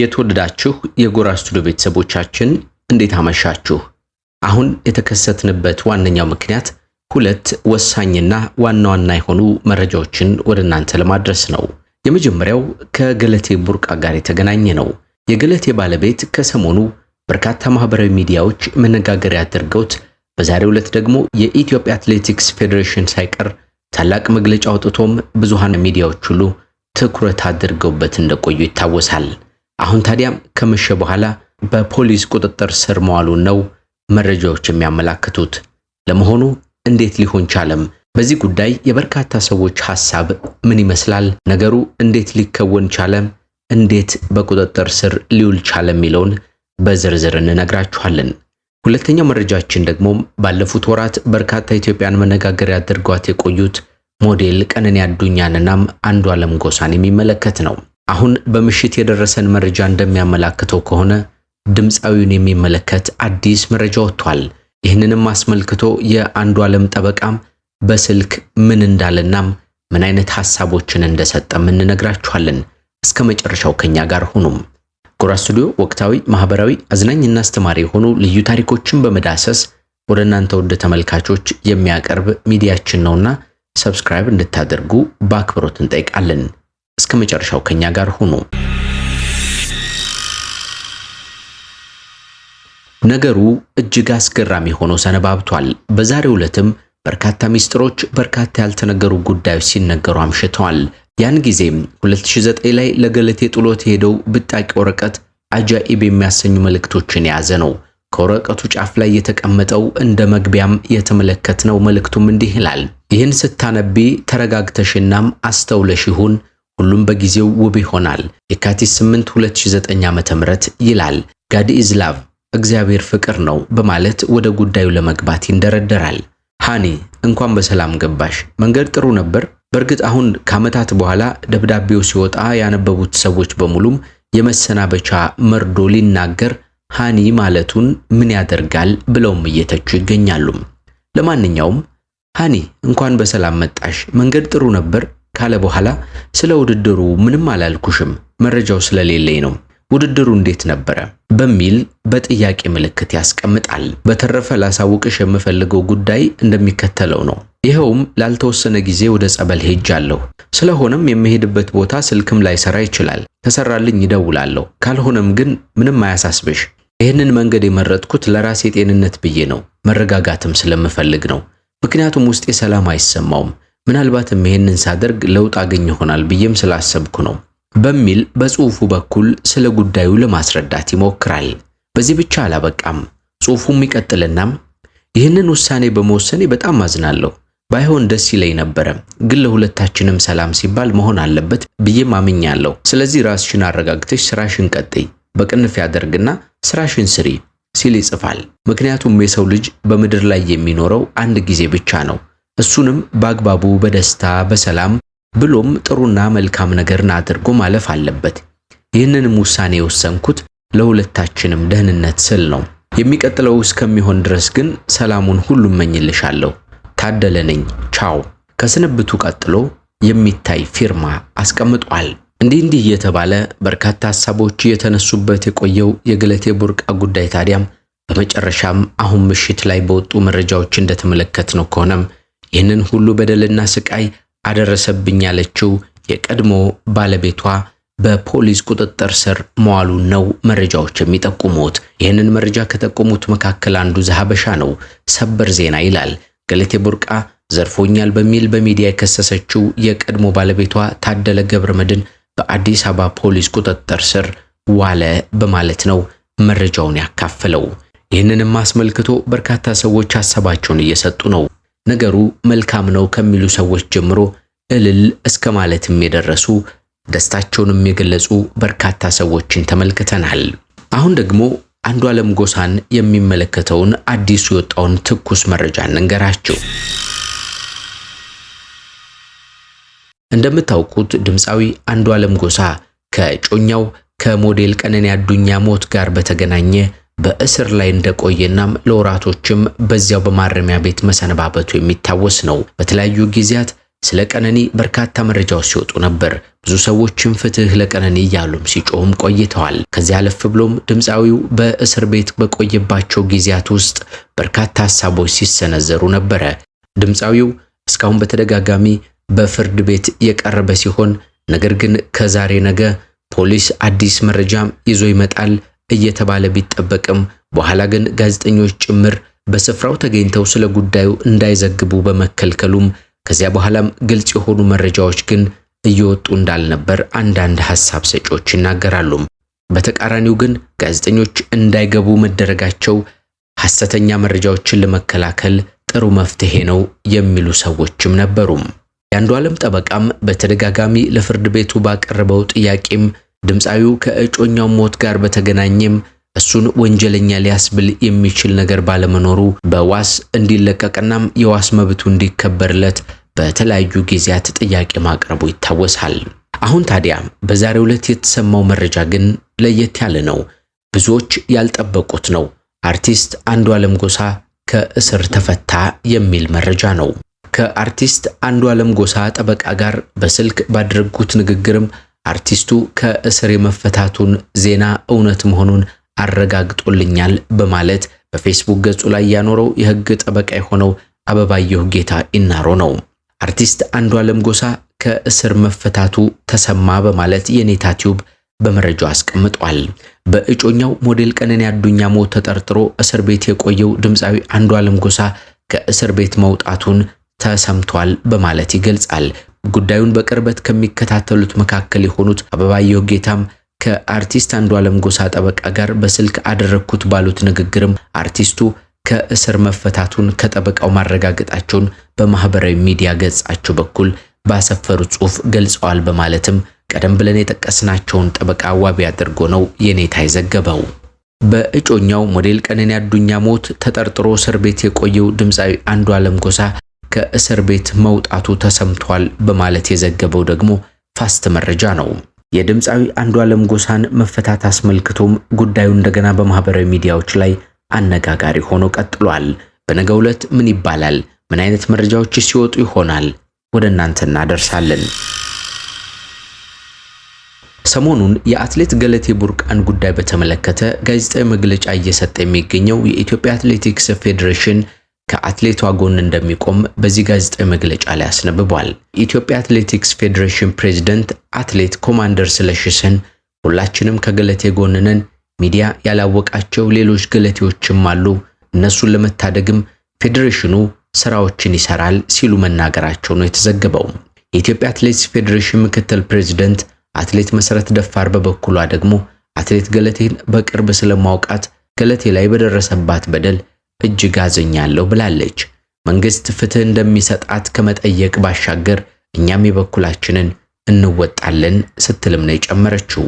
የተወደዳችሁ የጎራ ስቱዲዮ ቤተሰቦቻችን እንዴት አመሻችሁ? አሁን የተከሰትንበት ዋነኛው ምክንያት ሁለት ወሳኝና ዋና ዋና የሆኑ መረጃዎችን ወደ እናንተ ለማድረስ ነው። የመጀመሪያው ከገለቴ ቡርቃ ጋር የተገናኘ ነው። የገለቴ ባለቤት ከሰሞኑ በርካታ ማህበራዊ ሚዲያዎች መነጋገሪያ አድርገውት በዛሬው ዕለት ደግሞ የኢትዮጵያ አትሌቲክስ ፌዴሬሽን ሳይቀር ታላቅ መግለጫ አውጥቶም ብዙሃን ሚዲያዎች ሁሉ ትኩረት አድርገውበት እንደቆዩ ይታወሳል። አሁን ታዲያም ከመሸ በኋላ በፖሊስ ቁጥጥር ስር መዋሉን ነው መረጃዎች የሚያመላክቱት። ለመሆኑ እንዴት ሊሆን ቻለም? በዚህ ጉዳይ የበርካታ ሰዎች ሐሳብ ምን ይመስላል? ነገሩ እንዴት ሊከወን ቻለም? እንዴት በቁጥጥር ስር ሊውል ቻለ የሚለውን በዝርዝር እንነግራችኋለን። ሁለተኛው መረጃችን ደግሞ ባለፉት ወራት በርካታ ኢትዮጵያን መነጋገሪያ አድርጓት የቆዩት ሞዴል ቀነኒ አዱኛንናም አለም ጎሳን የሚመለከት ነው። አሁን በምሽት የደረሰን መረጃ እንደሚያመላክተው ከሆነ ድምፃዊውን የሚመለከት አዲስ መረጃ ወጥቷል። ይህንንም አስመልክቶ የአንዱ ዓለም ጠበቃም በስልክ ምን እንዳለናም ምን አይነት ሐሳቦችን እንደሰጠም እንነግራችኋለን። እስከ መጨረሻው ከኛ ጋር ሁኑም። ጎራ ስቱዲዮ ወቅታዊ፣ ማህበራዊ፣ አዝናኝና አስተማሪ የሆኑ ልዩ ታሪኮችን በመዳሰስ ወደ እናንተ ውድ ተመልካቾች የሚያቀርብ ሚዲያችን ነውና ሰብስክራይብ እንድታደርጉ በአክብሮት እንጠይቃለን። እስከ መጨረሻው ከኛ ጋር ሁኑ። ነገሩ እጅግ አስገራሚ ሆኖ ሰነባብቷል። በዛሬው ዕለትም በርካታ ሚስጥሮች፣ በርካታ ያልተነገሩ ጉዳዮች ሲነገሩ አምሽተዋል። ያን ጊዜም 2009 ላይ ለገለቴ ጥሎት የሄደው ብጣቂ ወረቀት አጃኢብ የሚያሰኙ መልእክቶችን የያዘ ነው። ከወረቀቱ ጫፍ ላይ የተቀመጠው እንደ መግቢያም የተመለከትነው መልእክቱም እንዲህ ይላል። ይህን ስታነቢ ተረጋግተሽናም አስተውለሽ ይሁን ሁሉም በጊዜው ውብ ይሆናል። የካቲት 8 2009 ዓ.ም ይላል ጋድ ኢዝ ላቭ እግዚአብሔር ፍቅር ነው በማለት ወደ ጉዳዩ ለመግባት ይንደረደራል። ሃኒ እንኳን በሰላም ገባሽ። መንገድ ጥሩ ነበር። በእርግጥ አሁን ከዓመታት በኋላ ደብዳቤው ሲወጣ ያነበቡት ሰዎች በሙሉም የመሰናበቻ መርዶ ሊናገር ሃኒ ማለቱን ምን ያደርጋል ብለውም እየተቹ ይገኛሉ። ለማንኛውም ሃኒ እንኳን በሰላም መጣሽ። መንገድ ጥሩ ነበር። ካለ በኋላ ስለ ውድድሩ ምንም አላልኩሽም፣ መረጃው ስለሌለኝ ነው። ውድድሩ እንዴት ነበረ? በሚል በጥያቄ ምልክት ያስቀምጣል። በተረፈ ላሳውቅሽ የምፈልገው ጉዳይ እንደሚከተለው ነው። ይኸውም ላልተወሰነ ጊዜ ወደ ጸበል ሄጃለሁ። ስለሆነም የምሄድበት ቦታ ስልክም ላይሰራ ይችላል። ከሰራልኝ ይደውላለሁ። ካልሆነም ግን ምንም አያሳስብሽ። ይህንን መንገድ የመረጥኩት ለራሴ ጤንነት ብዬ ነው፣ መረጋጋትም ስለምፈልግ ነው። ምክንያቱም ውስጤ ሰላም አይሰማውም። ምናልባትም ይህንን ሳደርግ ለውጥ አገኝ ይሆናል ብዬም ስላሰብኩ ነው በሚል በጽሁፉ በኩል ስለ ጉዳዩ ለማስረዳት ይሞክራል። በዚህ ብቻ አላበቃም። ጽሁፉም ይቀጥልናም ይህንን ውሳኔ በመወሰኔ በጣም አዝናለሁ። ባይሆን ደስ ይለኝ ነበረ፣ ግን ለሁለታችንም ሰላም ሲባል መሆን አለበት ብዬም አምኛለሁ። ስለዚህ ራስሽን አረጋግተሽ ስራሽን ቀጥይ፣ በቅንፍ ያደርግና ስራሽን ስሪ ሲል ይጽፋል። ምክንያቱም የሰው ልጅ በምድር ላይ የሚኖረው አንድ ጊዜ ብቻ ነው። እሱንም በአግባቡ በደስታ በሰላም ብሎም ጥሩና መልካም ነገርን አድርጎ ማለፍ አለበት። ይህንንም ውሳኔ የወሰንኩት ለሁለታችንም ደህንነት ስል ነው። የሚቀጥለው እስከሚሆን ድረስ ግን ሰላሙን ሁሉ እመኝልሻለሁ። ታደለ ነኝ። ቻው። ከስንብቱ ቀጥሎ የሚታይ ፊርማ አስቀምጧል። እንዲህ እንዲህ እየተባለ በርካታ ሀሳቦች የተነሱበት የቆየው የገለቴ ቡርቃ ጉዳይ ታዲያም በመጨረሻም አሁን ምሽት ላይ በወጡ መረጃዎች እንደተመለከትነው ከሆነም ይህንን ሁሉ በደልና ስቃይ አደረሰብኝ ያለችው የቀድሞ ባለቤቷ በፖሊስ ቁጥጥር ስር መዋሉን ነው መረጃዎች የሚጠቁሙት። ይህንን መረጃ ከጠቆሙት መካከል አንዱ ዘሀበሻ ነው። ሰበር ዜና ይላል። ገለቴ ቡርቃ ዘርፎኛል በሚል በሚዲያ የከሰሰችው የቀድሞ ባለቤቷ ታደለ ገብረ መድን በአዲስ አበባ ፖሊስ ቁጥጥር ስር ዋለ በማለት ነው መረጃውን ያካፈለው። ይህንንም አስመልክቶ በርካታ ሰዎች ሀሳባቸውን እየሰጡ ነው። ነገሩ መልካም ነው ከሚሉ ሰዎች ጀምሮ እልል እስከ ማለትም የደረሱ ደስታቸውንም የገለጹ በርካታ ሰዎችን ተመልክተናል። አሁን ደግሞ አንዷለም ጎሳን የሚመለከተውን አዲሱ የወጣውን ትኩስ መረጃ እንንገራችሁ። እንደምታውቁት ድምፃዊ አንዷለም ጎሳ ከጮኛው ከሞዴል ቀነኒ አዱኛ ሞት ጋር በተገናኘ በእስር ላይ እንደቆየናም ለወራቶችም በዚያው በማረሚያ ቤት መሰነባበቱ የሚታወስ ነው። በተለያዩ ጊዜያት ስለ ቀነኒ በርካታ መረጃዎች ሲወጡ ነበር። ብዙ ሰዎችም ፍትህ ለቀነኒ እያሉም ሲጮሁም ቆይተዋል። ከዚህ አለፍ ብሎም ድምፃዊው በእስር ቤት በቆየባቸው ጊዜያት ውስጥ በርካታ ሀሳቦች ሲሰነዘሩ ነበረ። ድምፃዊው እስካሁን በተደጋጋሚ በፍርድ ቤት የቀረበ ሲሆን ነገር ግን ከዛሬ ነገ ፖሊስ አዲስ መረጃም ይዞ ይመጣል እየተባለ ቢጠበቅም በኋላ ግን ጋዜጠኞች ጭምር በስፍራው ተገኝተው ስለ ጉዳዩ እንዳይዘግቡ በመከልከሉም ከዚያ በኋላም ግልጽ የሆኑ መረጃዎች ግን እየወጡ እንዳልነበር አንዳንድ ሐሳብ ሰጪዎች ይናገራሉ። በተቃራኒው ግን ጋዜጠኞች እንዳይገቡ መደረጋቸው ሐሰተኛ መረጃዎችን ለመከላከል ጥሩ መፍትሄ ነው የሚሉ ሰዎችም ነበሩ። የአንዱ ዓለም ጠበቃም በተደጋጋሚ ለፍርድ ቤቱ ባቀረበው ጥያቄም ድምፃዊው ከእጮኛው ሞት ጋር በተገናኘም እሱን ወንጀለኛ ሊያስብል የሚችል ነገር ባለመኖሩ በዋስ እንዲለቀቅናም የዋስ መብቱ እንዲከበርለት በተለያዩ ጊዜያት ጥያቄ ማቅረቡ ይታወሳል። አሁን ታዲያ በዛሬው ዕለት የተሰማው መረጃ ግን ለየት ያለ ነው። ብዙዎች ያልጠበቁት ነው። አርቲስት አንዱዓለም ጎሳ ከእስር ተፈታ የሚል መረጃ ነው። ከአርቲስት አንዱዓለም ጎሳ ጠበቃ ጋር በስልክ ባደረጉት ንግግርም አርቲስቱ ከእስር የመፈታቱን ዜና እውነት መሆኑን አረጋግጦልኛል በማለት በፌስቡክ ገጹ ላይ ያኖረው የህግ ጠበቃ የሆነው አበባየሁ ጌታ ኢናሮ ነው። አርቲስት አንዷለም ጎሳ ከእስር መፈታቱ ተሰማ በማለት የኔታ ቲዩብ በመረጃው አስቀምጧል። በእጮኛው ሞዴል ቀነኒ አዱኛ ሞት ተጠርጥሮ እስር ቤት የቆየው ድምፃዊ አንዷለም ጎሳ ከእስር ቤት መውጣቱን ተሰምቷል በማለት ይገልጻል። ጉዳዩን በቅርበት ከሚከታተሉት መካከል የሆኑት አበባየሁ ጌታም ከአርቲስት አንዷለም ጎሳ ጠበቃ ጋር በስልክ አደረግኩት ባሉት ንግግርም አርቲስቱ ከእስር መፈታቱን ከጠበቃው ማረጋገጣቸውን በማህበራዊ ሚዲያ ገጻቸው በኩል ባሰፈሩት ጽሑፍ ገልጸዋል በማለትም ቀደም ብለን የጠቀስናቸውን ጠበቃ ዋቢ አድርጎ ነው የኔታ የዘገበው። በእጮኛው ሞዴል ቀነኒ አዱኛ ሞት ተጠርጥሮ እስር ቤት የቆየው ድምፃዊ አንዷለም ጎሳ ከእስር ቤት መውጣቱ ተሰምቷል በማለት የዘገበው ደግሞ ፋስት መረጃ ነው። የድምፃዊ አንዱዓለም ጎሳን መፈታት አስመልክቶም ጉዳዩ እንደገና በማህበራዊ ሚዲያዎች ላይ አነጋጋሪ ሆኖ ቀጥሏል። በነገ ዕለት ምን ይባላል? ምን አይነት መረጃዎች ሲወጡ ይሆናል? ወደ እናንተ እናደርሳለን። ሰሞኑን የአትሌት ገለቴ ቡርቃን ጉዳይ በተመለከተ ጋዜጣዊ መግለጫ እየሰጠ የሚገኘው የኢትዮጵያ አትሌቲክስ ፌዴሬሽን ከአትሌቷ ጎን እንደሚቆም በዚህ ጋዜጣዊ መግለጫ ላይ አስነብቧል። የኢትዮጵያ አትሌቲክስ ፌዴሬሽን ፕሬዝደንት አትሌት ኮማንደር ስለሺ ስህን ሁላችንም ከገለቴ ጎን ነን። ሚዲያ ያላወቃቸው ሌሎች ገለቴዎችም አሉ። እነሱን ለመታደግም ፌዴሬሽኑ ስራዎችን ይሰራል ሲሉ መናገራቸው ነው የተዘገበው። የኢትዮጵያ አትሌቲክስ ፌዴሬሽን ምክትል ፕሬዝደንት አትሌት መሰረት ደፋር በበኩሏ ደግሞ አትሌት ገለቴን በቅርብ ስለማውቃት ገለቴ ላይ በደረሰባት በደል እጅግ አዝኛለሁ ብላለች። መንግስት ፍትህ እንደሚሰጣት ከመጠየቅ ባሻገር እኛም የበኩላችንን እንወጣለን ስትልም ነው የጨመረችው።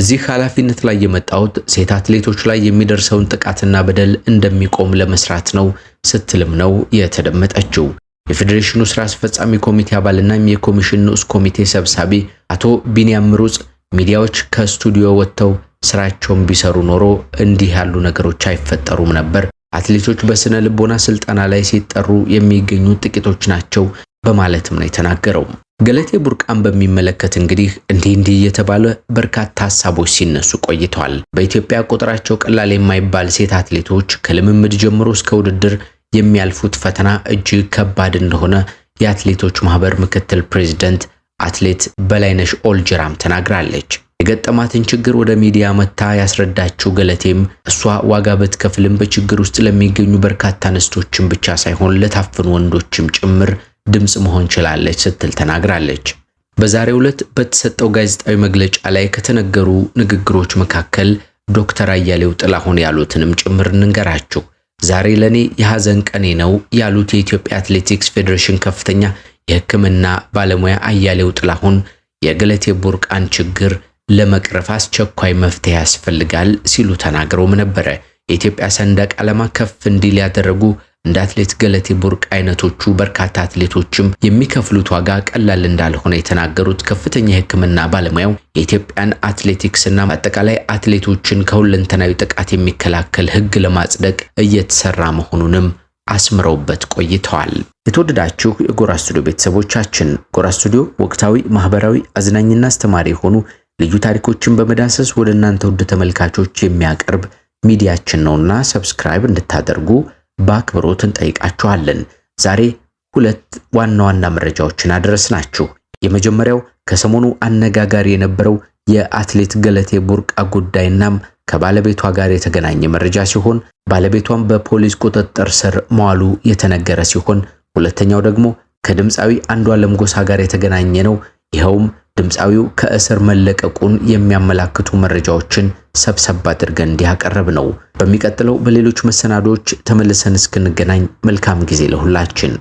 እዚህ ኃላፊነት ላይ የመጣሁት ሴት አትሌቶች ላይ የሚደርሰውን ጥቃትና በደል እንደሚቆም ለመስራት ነው ስትልም ነው የተደመጠችው። የፌዴሬሽኑ ስራ አስፈጻሚ ኮሚቴ አባልና የኮሚሽን ንዑስ ኮሚቴ ሰብሳቢ አቶ ቢንያም ሩጽ ሚዲያዎች ከስቱዲዮ ወጥተው ስራቸውን ቢሰሩ ኖሮ እንዲህ ያሉ ነገሮች አይፈጠሩም ነበር አትሌቶች በስነ ልቦና ስልጠና ላይ ሲጠሩ የሚገኙ ጥቂቶች ናቸው በማለትም ነው የተናገረው። ገለቴ ቡርቃን በሚመለከት እንግዲህ እንዲህ እንዲህ እየተባለ በርካታ ሀሳቦች ሲነሱ ቆይተዋል። በኢትዮጵያ ቁጥራቸው ቀላል የማይባል ሴት አትሌቶች ከልምምድ ጀምሮ እስከ ውድድር የሚያልፉት ፈተና እጅግ ከባድ እንደሆነ የአትሌቶች ማህበር ምክትል ፕሬዚደንት አትሌት በላይነሽ ኦልጅራም ተናግራለች። የገጠማትን ችግር ወደ ሚዲያ መታ ያስረዳችው ገለቴም እሷ ዋጋ ብትከፍልም በችግር ውስጥ ለሚገኙ በርካታ ንስቶችም ብቻ ሳይሆን ለታፈኑ ወንዶችም ጭምር ድምፅ መሆን ችላለች ስትል ተናግራለች። በዛሬው ዕለት በተሰጠው ጋዜጣዊ መግለጫ ላይ ከተነገሩ ንግግሮች መካከል ዶክተር አያሌው ጥላሁን ያሉትንም ጭምር እንንገራችሁ። ዛሬ ለኔ የሐዘን ቀኔ ነው ያሉት የኢትዮጵያ አትሌቲክስ ፌዴሬሽን ከፍተኛ የሕክምና ባለሙያ አያሌው ጥላሁን የገለቴ ቡርቃን ችግር ለመቅረፍ አስቸኳይ መፍትሄ ያስፈልጋል ሲሉ ተናግረውም ነበረ። የኢትዮጵያ ሰንደቅ ዓላማ ከፍ እንዲል ያደረጉ እንደ አትሌት ገለቴ ቡርቅ አይነቶቹ በርካታ አትሌቶችም የሚከፍሉት ዋጋ ቀላል እንዳልሆነ የተናገሩት ከፍተኛ የሕክምና ባለሙያው የኢትዮጵያን አትሌቲክስና አጠቃላይ አትሌቶችን ከሁለንተናዊ ጥቃት የሚከላከል ሕግ ለማጽደቅ እየተሰራ መሆኑንም አስምረውበት ቆይተዋል። የተወደዳችሁ የጎራ ስቱዲዮ ቤተሰቦቻችን፣ ጎራ ስቱዲዮ ወቅታዊ፣ ማህበራዊ፣ አዝናኝና አስተማሪ የሆኑ ልዩ ታሪኮችን በመዳሰስ ወደ እናንተ ውድ ተመልካቾች የሚያቀርብ ሚዲያችን ነውና ሰብስክራይብ እንድታደርጉ በአክብሮት እንጠይቃችኋለን። ዛሬ ሁለት ዋና ዋና መረጃዎችን አደረስናችሁ። የመጀመሪያው ከሰሞኑ አነጋጋሪ የነበረው የአትሌት ገለቴ ቡርቃ ጉዳይናም ከባለቤቷ ጋር የተገናኘ መረጃ ሲሆን ባለቤቷም በፖሊስ ቁጥጥር ስር መዋሉ የተነገረ ሲሆን ሁለተኛው ደግሞ ከድምፃዊ አንዷለም ጎሳ ጋር የተገናኘ ነው። ይኸውም ድምፃዊው ከእስር መለቀቁን የሚያመላክቱ መረጃዎችን ሰብሰብ አድርገን እንዲያቀረብ ነው። በሚቀጥለው በሌሎች መሰናዶዎች ተመልሰን እስክንገናኝ መልካም ጊዜ ለሁላችን።